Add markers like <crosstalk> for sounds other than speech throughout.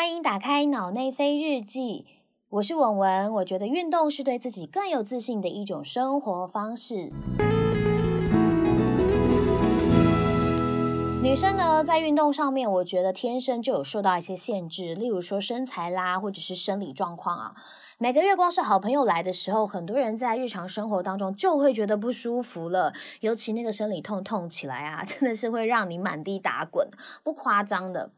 歡迎打開腦內啡日記，我是文文。我覺得運動是對自己更有自信的一種生活方式。女生呢，在運動上面，我覺得天生就有受到一些限制，例如說身材啦，或者是生理狀況啊。每個月光是好朋友來的時候，很多人在日常生活當中就會覺得不舒服了，尤其那個生理痛痛起來啊，真的是會讓你滿地打滾，不誇張的。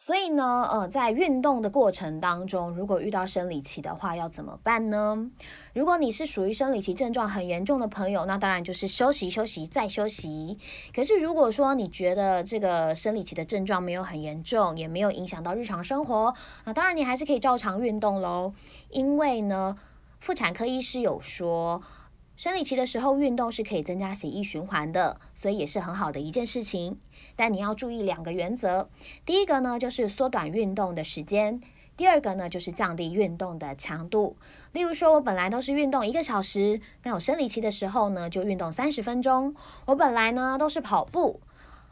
所以呢，呃，在運動的過程當中，如果遇到生理期的話，要怎麼辦呢？如果你是屬於生理期症狀很嚴重的朋友，那當然就是休息、休息再休息。可是，如果說你覺得這個生理期的症狀沒有很嚴重，也沒有影響到日常生活，那當然你還是可以照常運動咯。因為呢，婦產科醫師有說。生理期的時候運動是可以增加血液循環的，所以也是很好的一件事情。但你要注意兩個原則：第一個呢，就是縮短運動的時間；第二個呢，就是降低運動的強度。例如說，我本來都是運動一個小時，那我生理期的時候呢，就運動三十分鐘。我本來呢都是跑步，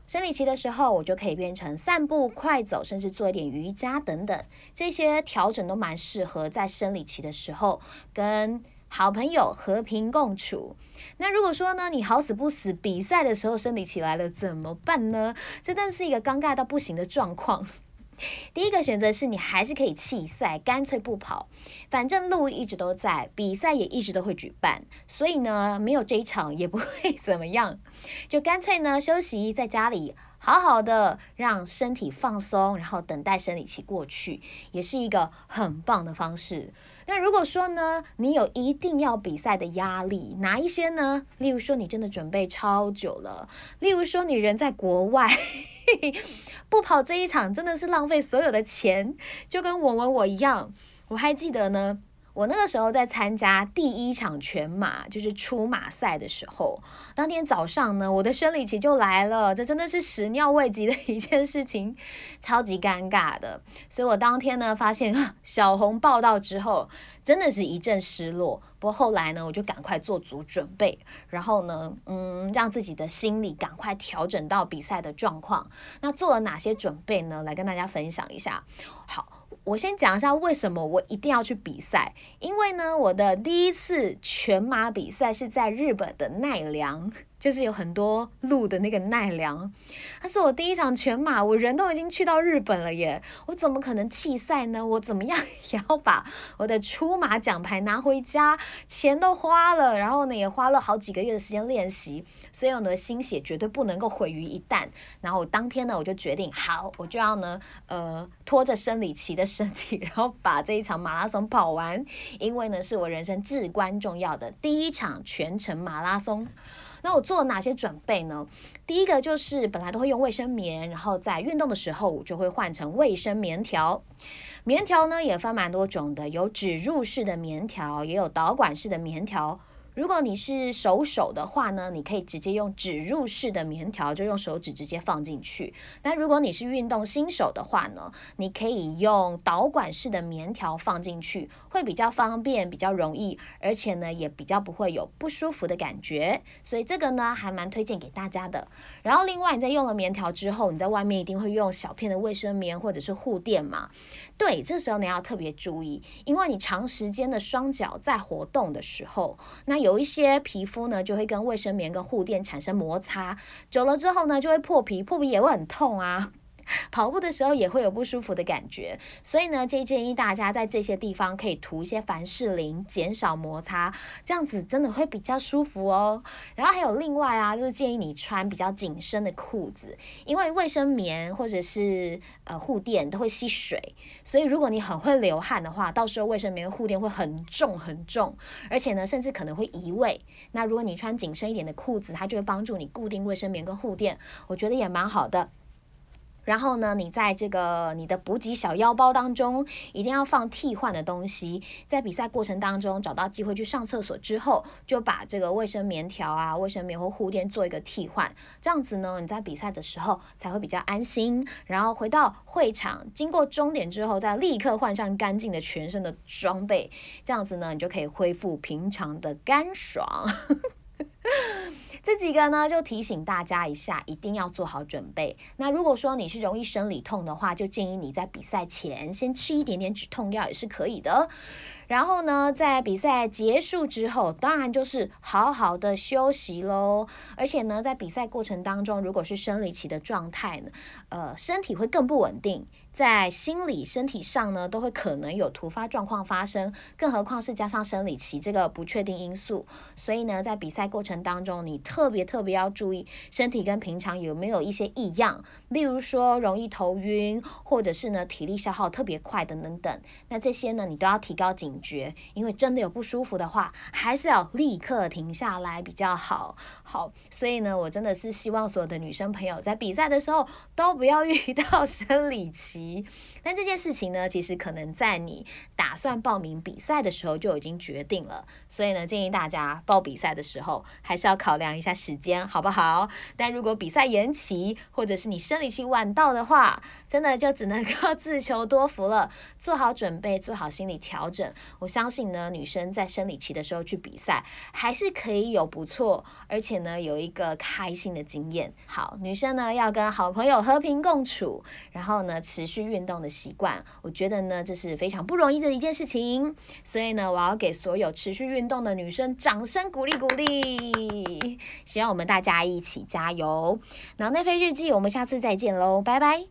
生理期的時候我就可以變成散步、快走，甚至做一點瑜伽等等。這些調整都蠻適合在生理期的時候跟好朋友和平共處。那如果說呢，你好死不死，比賽的時候生理期來了怎麼辦呢？這真是一個尷尬到不行的狀況。第一個選擇是你還是可以棄賽，乾脆不跑，反正路一直都在，比賽也一直都會舉辦，所以呢，沒有這一場也不會怎麼樣。就乾脆呢，休息在家裡，好好的讓身體放鬆，然後等待生理期過去，也是一個很棒的方式。那如果說呢，你有一定要比賽的壓力，哪一些呢？例如說，你真的準備超久了，例如說，你人在國外， <laughs> 不跑這一場真的是浪費所有的錢，就跟我文我一樣，我還記得呢。我那個時候在參加第一場全馬，就是出馬賽的時候，當天早上呢，我的生理期就來了，這真的是始料未及的一件事情，超級尷尬的。所以我當天呢，發現小紅報到之後，真的是一陣失落。不過後來呢，我就趕快做足準備，然後呢，嗯，讓自己的心理趕快調整到比賽的狀況。那做了哪些準備呢？來跟大家分享一下。好。我先講一下為什麼我一定要去比賽，因為呢，我的第一次全馬比賽是在日本的奈良。就是有很多路的那個奈良，他是我第一場全馬，我人都已經去到日本了耶，我怎麼可能棄賽呢？我怎麼樣也要把我的初馬獎牌拿回家，錢都花了，然後呢也花了好幾個月的時間練習，所以我的心血絕對不能夠毀於一旦。然後當天呢我就決定，好，我就要呢呃拖着生理期的身體，然後把這一場馬拉松跑完，因為呢是我人生至關重要的第一場全程馬拉松。那我做了哪些準備呢？第一個就是本來都會用衛生棉，然後在運動的時候我就會換成衛生棉條。棉條呢也分蠻多種的，有指入式的棉條，也有導管式的棉條。如果你是手手的話呢，你可以直接用指入式的棉條，就用手指直接放進去。那如果你是運動新手的話呢，你可以用導管式的棉條放進去，會比較方便，比較容易，而且呢也比較不會有不舒服的感覺。所以這個呢還蠻推薦給大家的。然後另外你在用了棉條之後，你在外面一定會用小片的衛生棉或者是護墊嘛？對，這時候你要特別注意，因為你長時間的雙腳在活動的時候，那有一些皮膚呢，就會跟衛生棉跟護墊產生摩擦，久了之後呢，就會破皮，破皮也會很痛啊。跑步的時候也會有不舒服的感覺，所以呢，這建議大家在這些地方可以塗一些凡士林，減少摩擦，這樣子真的會比較舒服哦。然後還有另外啊，就是建議你穿比較緊身的褲子，因為衛生棉或者是呃護墊都會吸水，所以如果你很會流汗的話，到時候衛生棉的護墊會很重很重，而且呢，甚至可能會移位。那如果你穿緊身一點的褲子，它就會幫助你固定衛生棉跟護墊，我覺得也蠻好的。然後呢，你在這個你的補給小腰包當中，一定要放替換的東西。在比賽過程當中，找到機會去上廁所之後，就把這個衛生棉條啊、衛生棉或護墊做一個替換。這樣子呢，你在比賽的時候才會比較安心。然後回到會場，經過終點之後，再立刻換上乾淨的全身的裝備。這樣子呢，你就可以恢復平常的乾爽。 <laughs> 這幾個呢，就提醒大家一下，一定要做好準備。那如果說你是容易生理痛的話，就建議你在比賽前先吃一點點止痛藥，也是可以的。然後呢，在比賽結束之後，當然就是好好的休息嘍。而且呢，在比賽過程當中，如果是生理期的狀態呢，呃，身體會更不穩定，在心理、身體上呢，都會可能有突發狀況發生。更何況是加上生理期這個不確定因素，所以呢，在比賽過程當中，你特別特別要注意身體跟平常有沒有一些異樣，例如說容易頭暈，或者是呢體力消耗特別快等等等。那這些呢，你都要提高警惕。覺，因為真的有不舒服的話，還是要立刻停下來比較好。好，所以呢，我真的是希望所有的女生朋友在比賽的時候都不要遇到生理期。但這件事情呢，其實可能在你打算報名比賽的時候就已經決定了。所以呢，建議大家報比賽的時候還是要考量一下時間，好不好？但如果比賽延期，或者是你生理期晚到的話，真的就只能夠自求多福了。做好準備，做好心理調整。我相信呢，女生在生理期的時候去比賽，還是可以有不錯，而且呢有一個開心的經驗。好，女生呢要跟好朋友和平共處，然後呢持續運動的習慣，我覺得呢這是非常不容易的一件事情。所以呢，我要給所有持續運動的女生掌聲鼓勵鼓勵。希望我們大家一起加油。腦內啡日記，我們下次再見嘍，拜拜。